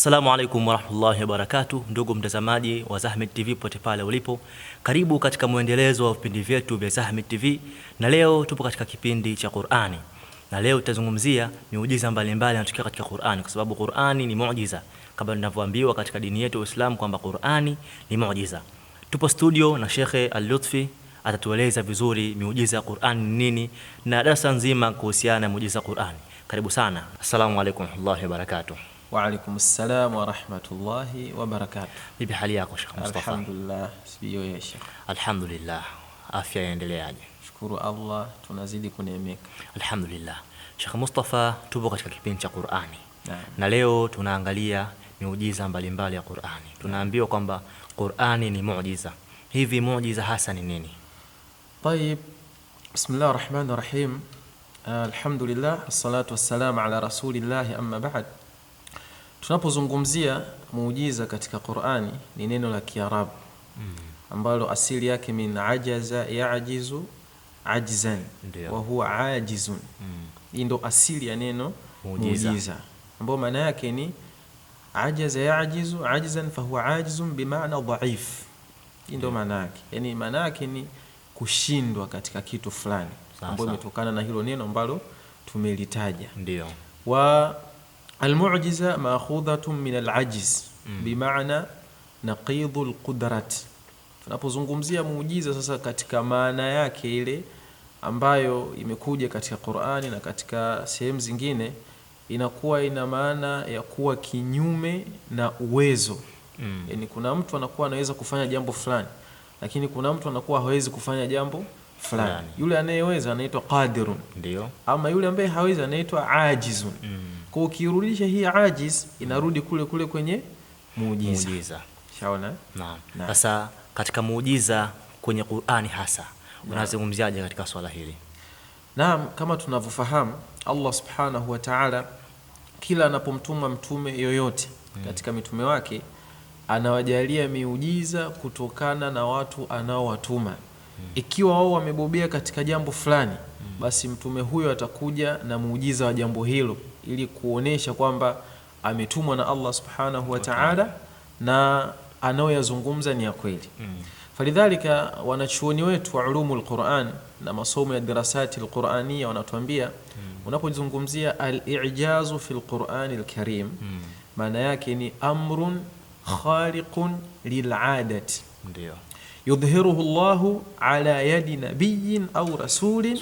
Assalamu alaikum warahmatullahi wabarakatuh, ndugu mtazamaji wa Zahmid TV pote pale ulipo, karibu katika mwendelezo wa vipindi vyetu vya Zahmid TV, na leo tupo katika kipindi cha Qur'ani, na leo tutazungumzia miujiza mbalimbali inatokea katika Qur'ani, kwa sababu Qur'ani ni muujiza kama tunavyoambiwa katika dini yetu ya Uislamu kwamba Qur'ani ni muujiza. Tupo studio na Shekhe Al-Lutfi atatueleza vizuri miujiza ya Qur'ani ni nini na darasa nzima kuhusiana na miujiza ya Qur'ani. Karibu sana. Assalamu alaikum warahmatullahi wabarakatuh. وعليكم السلام ورحمة الله وبركاته كيف حالك يا شيخ مصطفى؟ الحمد لله سبيو يا شيخ الحمد لله عافية يا اندلي يعني شكر الله تنزيد كنيميك الحمد لله شيخ مصطفى تبغى شكل بين قرآني نعم نليو تنانغاليا ميوجيزا مبالي يا قرآني تنانبيو قمبا قرآني ني معجزة هذه معجزة حسن نيني طيب بسم الله الرحمن الرحيم الحمد لله الصلاة والسلام على رسول الله أما بعد Tunapozungumzia muujiza katika Qur'ani ni neno la Kiarabu mm. ambalo asili yake min ajaza yajizu ajzan wa huwa ajizun. Mm. Hii ndo asili ya neno muujiza ambayo maana yake ni ajaza yajizu ajzan fa huwa ajizun bi maana dhaif. Hii ndo maana yake, yani maana yake ni kushindwa katika kitu fulani ambayo imetokana na hilo neno ambalo tumelitaja. Ndio. Wa Almujiza makhudhatun min alajiz mm. bimaana naqidhu lqudrati. Tunapozungumzia muujiza sasa, katika maana yake ile ambayo imekuja katika Qur'ani na katika sehemu zingine, inakuwa ina maana ya kuwa kinyume na uwezo mm. Yani, kuna mtu anakuwa anaweza kufanya jambo fulani, lakini kuna mtu anakuwa hawezi kufanya jambo fulani. Yule anayeweza anaitwa qadirun, ndio, ama yule ambaye hawezi anaitwa ajizun mm. Kwa ukirudisha hii ajiz inarudi kule kule kwenye muujiza. Muujiza. Shaona? Naam. Sasa katika muujiza kwenye Qur'ani hasa unazungumziaje katika swala hili? Naam, kama tunavyofahamu Allah Subhanahu wa Ta'ala kila anapomtuma mtume yoyote hmm, katika mitume wake anawajalia miujiza kutokana na watu anaowatuma. Hmm. Ikiwa wao wamebobea katika jambo fulani, hmm. basi mtume huyo atakuja na muujiza wa jambo hilo ili kuonesha kwamba ametumwa na Allah subhanahu wa na anayoyazungumza ni ya kweli mm. Falidhalika, wanachuoni wetu wa ulumu lquran na masomo ya dirasati lqurania wanatuambia mm. unapozungumzia alijazu fi lqurani lkarim mm. maana yake ni amrun khaliqun liladati ndio yudhhiruhu llahu ala yadi nabiyin au rasulin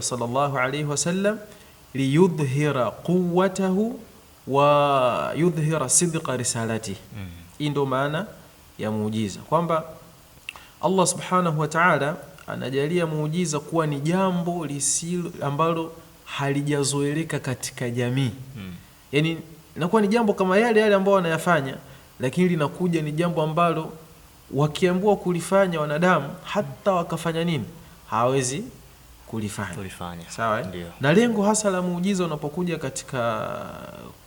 sallallahu alayhi wasallam liyudhhira quwwatahu wa yudhhira sidqa risalatihi. mm. ndio maana ya muujiza kwamba Allah subhanahu wa ta'ala anajalia muujiza kuwa ni jambo lisilo ambalo halijazoeleka katika jamii mm. Yani inakuwa ni jambo kama yale yale ambao wanayafanya, lakini linakuja ni jambo ambalo wakiambua kulifanya wanadamu hata wakafanya nini hawawezi kulifanya, kulifanya. Sawa eh? Ndiyo. Na lengo hasa la muujiza unapokuja katika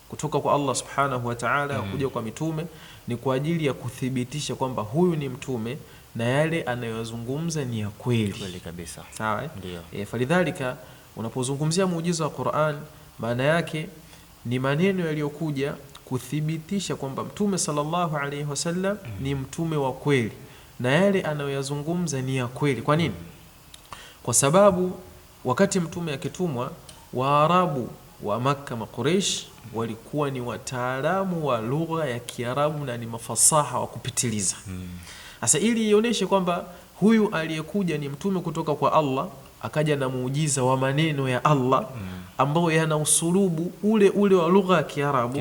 kutoka kwa Allah subhanahu wa ta'ala mm. kuja kwa mitume ni kwa ajili ya kuthibitisha kwamba huyu ni mtume na yale anayozungumza ni ya kweli kweli kabisa. Sawa eh? Ndiyo. E, falidhalika unapozungumzia muujiza wa Qur'an maana yake ni maneno yaliyokuja kuthibitisha kwamba mtume sallallahu alaihi wasallam mm. ni mtume wa kweli na yale anayoyazungumza ni ya kweli. Kwa nini? mm kwa sababu wakati mtume akitumwa Waarabu wa Makka, Makureish walikuwa ni wataalamu wa lugha ya Kiarabu na ni mafasaha wa kupitiliza. Hmm. Sasa ili ionyeshe kwamba huyu aliyekuja ni mtume kutoka kwa Allah, akaja na muujiza wa maneno ya Allah hmm. ambayo yana usulubu ule ule wa lugha ya Kiarabu,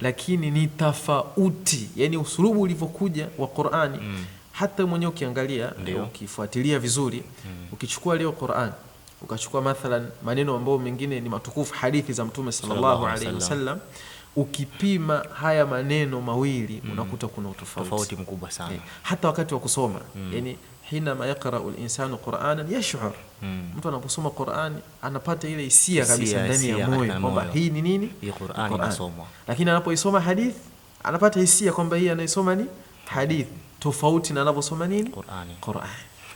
lakini ni tofauti, yani usulubu ulivyokuja wa Qur'ani hmm hata mwenyewe ukiangalia ukifuatilia vizuri mm. ukichukua leo Qur'an ukachukua mathalan maneno ambayo mengine ni matukufu, hadithi za Mtume sallallahu alaihi wasallam ukipima haya maneno mawili mm. unakuta kuna utofauti tofauti mkubwa sana yeah. hata wakati wa kusoma mm. yani hinama yaqrau linsanu quranan yashur mm. mtu anaposoma Qurani anapata ile hisia kabisa ndani ya moyo kwamba hii ni nini Qurani, lakini anapoisoma hadithi anapata hisia kwamba hii anaisoma ni hadithi tofauti na anavyosoma nini Qur'ani. Qur'ani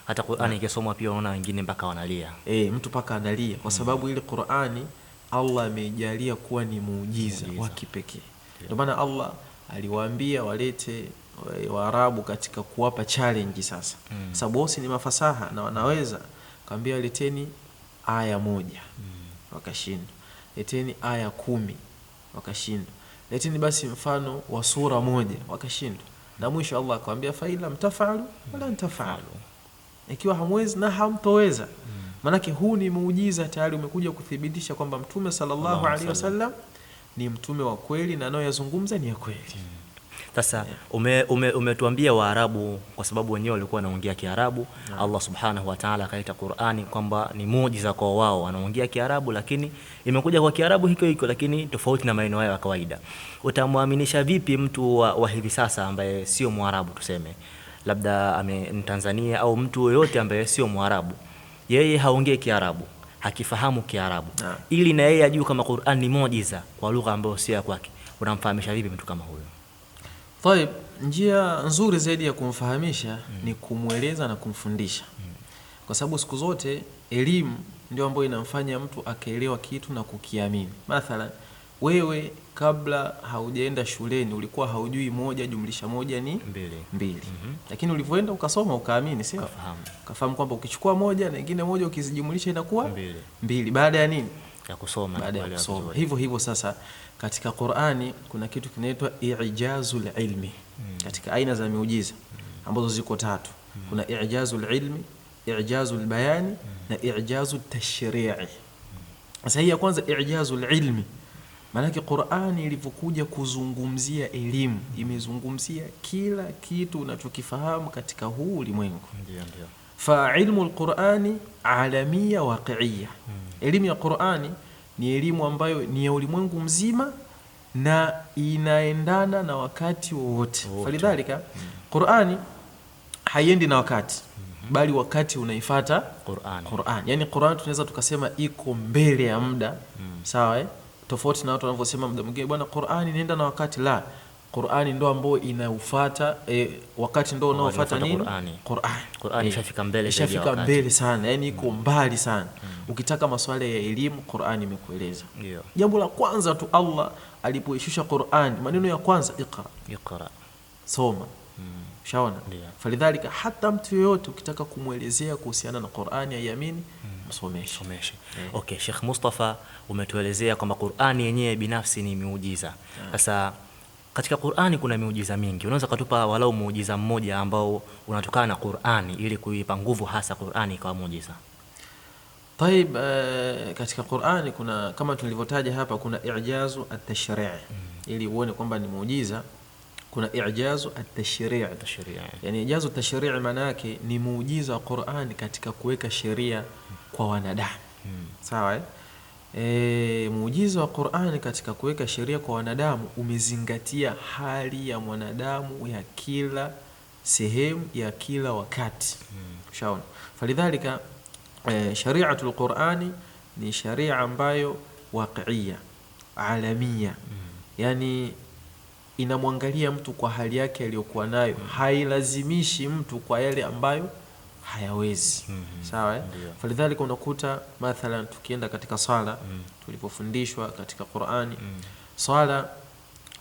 hata Qur'ani ikisomwa pia unaona wengine mpaka wanalia e, mtu mpaka analia kwa mm. sababu ile Qur'ani Allah ameijalia kuwa ni muujiza wa kipekee. Ndio maana Allah aliwaambia walete eh, Waarabu katika kuwapa challenge sasa, mm. sababu wao ni mafasaha na wanaweza kaambia leteni aya moja mm. wakashinda leteni aya kumi wakashinda leteni basi mfano wa sura moja wakashindwa na mwisho Allah akamwambia failam tafalu wala ntafalu, ikiwa hamwezi na hamtoweza. Maanake mm. huu ni muujiza tayari umekuja kuthibitisha kwamba mtume sallallahu alaihi wasallam ni mtume wa kweli na anayoyazungumza ni ya kweli. Mm. Sasa yeah. ume, ume, umetuambia Waarabu kwa sababu wenyewe walikuwa wanaongea Kiarabu yeah. Allah subhanahu wa ta'ala akaleta Qur'ani kwamba ni muujiza kwa wao, wanaongea Kiarabu lakini imekuja kwa Kiarabu hiko hiko, lakini tofauti na maneno yao ya kawaida. Utamwaminisha vipi mtu wa, wa hivi sasa ambaye sio Mwarabu tuseme labda ame Mtanzania au mtu yoyote ambaye sio Mwarabu, yeye haongee Kiarabu hakifahamu Kiarabu yeah. ili na yeye ajue kama Qurani ni muujiza kwa lugha ambayo sio ya kwake, unamfahamisha vipi mtu kama huyo? Taib, njia nzuri zaidi ya kumfahamisha mm. ni kumweleza na kumfundisha mm. kwa sababu siku zote elimu ndio ambayo inamfanya mtu akaelewa kitu na kukiamini. Mathalan, wewe kabla haujaenda shuleni ulikuwa haujui moja jumlisha moja ni mbili, mbili. Mm -hmm. Lakini ulivyoenda ukasoma ukaamini, sio ukafahamu kwamba ukichukua moja na ingine moja ukizijumlisha inakuwa mbili, mbili. Baada ya nini? ya kusoma baada ya kusoma. Hivyo hivyo sasa, katika Qur'ani kuna kitu kinaitwa i'jazul ilmi hmm. katika aina za miujiza hmm. ambazo ziko tatu hmm. kuna i'jazul ilmi, i'jazul bayani hmm. na i'jazut tashri'i. Mm. Sasa hii ya kwanza i'jazul ilmi Maanake Qur'ani ilivyokuja kuzungumzia elimu imezungumzia kila kitu unachokifahamu katika huu ulimwengu. Ndio, ndio fa ilmu alqurani alamia waqiia hmm. Elimu ya Qurani ni elimu ambayo ni ya ulimwengu mzima na inaendana na wakati wowote. Falidhalika hmm. Qurani haiendi na wakati hmm. bali wakati unaifata Qurani. Qurani yani Qurani tunaweza tukasema iko mbele ya muda hmm. sawa eh? tofauti na watu wanavyosema muda mwingine bwana Qurani inaenda na wakati la Qur'ani ndo ambayo inaufata e, wakati ndo unaofuata nini? Qur'ani. Qur'ani e, ishafika mbele Ishafika mbele sana, yani iko mm. mbali sana. mm. Ukitaka masuala ya elimu Qur'ani imekueleza. Ndio. Jambo la kwanza tu Allah alipoishusha Qur'ani, maneno ya kwanza iqra. Iqra. Soma. mm. Shaona. Falidhalika hata mtu yoyote ukitaka kumwelezea kuhusiana na Qur'ani ayamini mm. msomeshe. Msomeshe. Okay, Sheikh Mustafa umetuelezea kwamba Qur'ani yenyewe binafsi ni miujiza. Sasa yeah katika Qur'ani kuna miujiza mingi. Unaweza kutupa walau muujiza mmoja ambao unatokana na Qur'ani ili kuipa nguvu hasa Qur'ani kwa muujiza? Taib, uh, katika Qur'ani kuna kama tulivyotaja hapa kuna i'jazu at-tashri' mm. ili uone kwamba ni muujiza kuna i'jazu at-tashri' tashri'. i'jazu at-tashri' maana yake ni muujiza wa Qur'ani katika kuweka sheria kwa wanadamu. Mm. Sawa eh? E, muujiza wa Qur'ani katika kuweka sheria kwa wanadamu umezingatia hali ya mwanadamu ya kila sehemu ya kila wakati. Hmm. Ushaona? Hmm. Falidhalika e, shari'atul Qur'ani ni sharia ambayo waqiia, alamia. Hmm. Yaani inamwangalia mtu kwa hali yake aliyokuwa nayo, hmm. hailazimishi mtu kwa yale ambayo hayawezi mm -hmm. Sawa eh? Falidhalika unakuta mathalan tukienda katika swala mm -hmm. tulipofundishwa katika Qur'ani mm -hmm. swala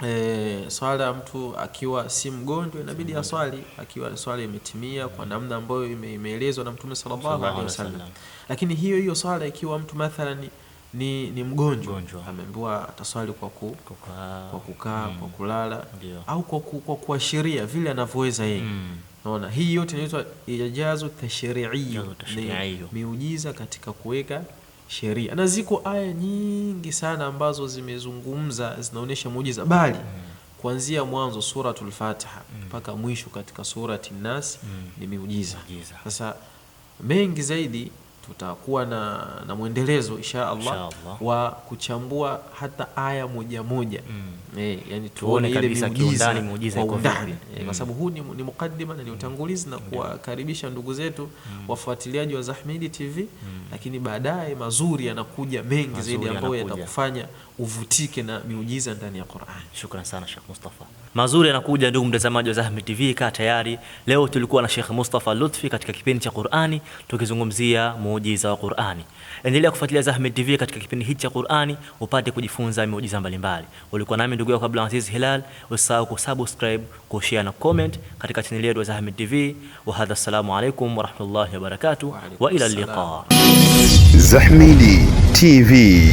E, swala mtu akiwa si mgonjwa inabidi mm-hmm. aswali akiwa swala imetimia kwa mm-hmm. namna ambayo imeelezwa na Mtume sallallahu alaihi wasallam, lakini hiyo hiyo swala ikiwa mtu mathalan ni, ni mgonjwa ameambiwa ataswali kwa ku, kwa kukaa mm. kwa mm-hmm. kulala Ndiyo. au kwa kuashiria vile anavyoweza yeye mm. Naona hii yote inaitwa ijazo tashri'i, ni miujiza katika kuweka sheria, na ziko aya nyingi sana ambazo zimezungumza zinaonyesha muujiza, bali mm. kuanzia mwanzo Suratul Fatiha mm. mpaka mwisho katika Surati Nas mm. ni miujiza. Sasa mengi zaidi tutakuwa na, na mwendelezo insha Allah wa kuchambua hata aya moja moja mm. E, yani tuone ile miujiza kwa undani eh, mm. kwa sababu huu ni, ni mukaddima na ni mm. utangulizi na kuwakaribisha ndugu zetu mm. wafuatiliaji wa zahmidi TV mm. lakini baadaye mazuri yanakuja mengi zaidi ambayo yatakufanya uvutike na miujiza ndani ya Qur'an. Shukran sana Sheikh Mustafa. Mazuri yanakuja ndugu mtazamaji wa Zahmid TV, kaa tayari. Leo tulikuwa na Sheikh Mustafa Lutfi katika kipindi cha Qur'ani tukizungumzia muujiza wa Qur'ani. Endelea kufuatilia Zahmid TV katika kipindi hiki cha Qur'ani upate kujifunza miujiza mbalimbali. Ulikuwa nami ndugu yako Abdul Aziz Hilal, usisahau kusubscribe, kushare na comment katika chaneli yetu ya Zahmid TV. Wa hadha, assalamu alaykum wa rahmatullahi wa barakatuh wa ila liqa. Zahmid TV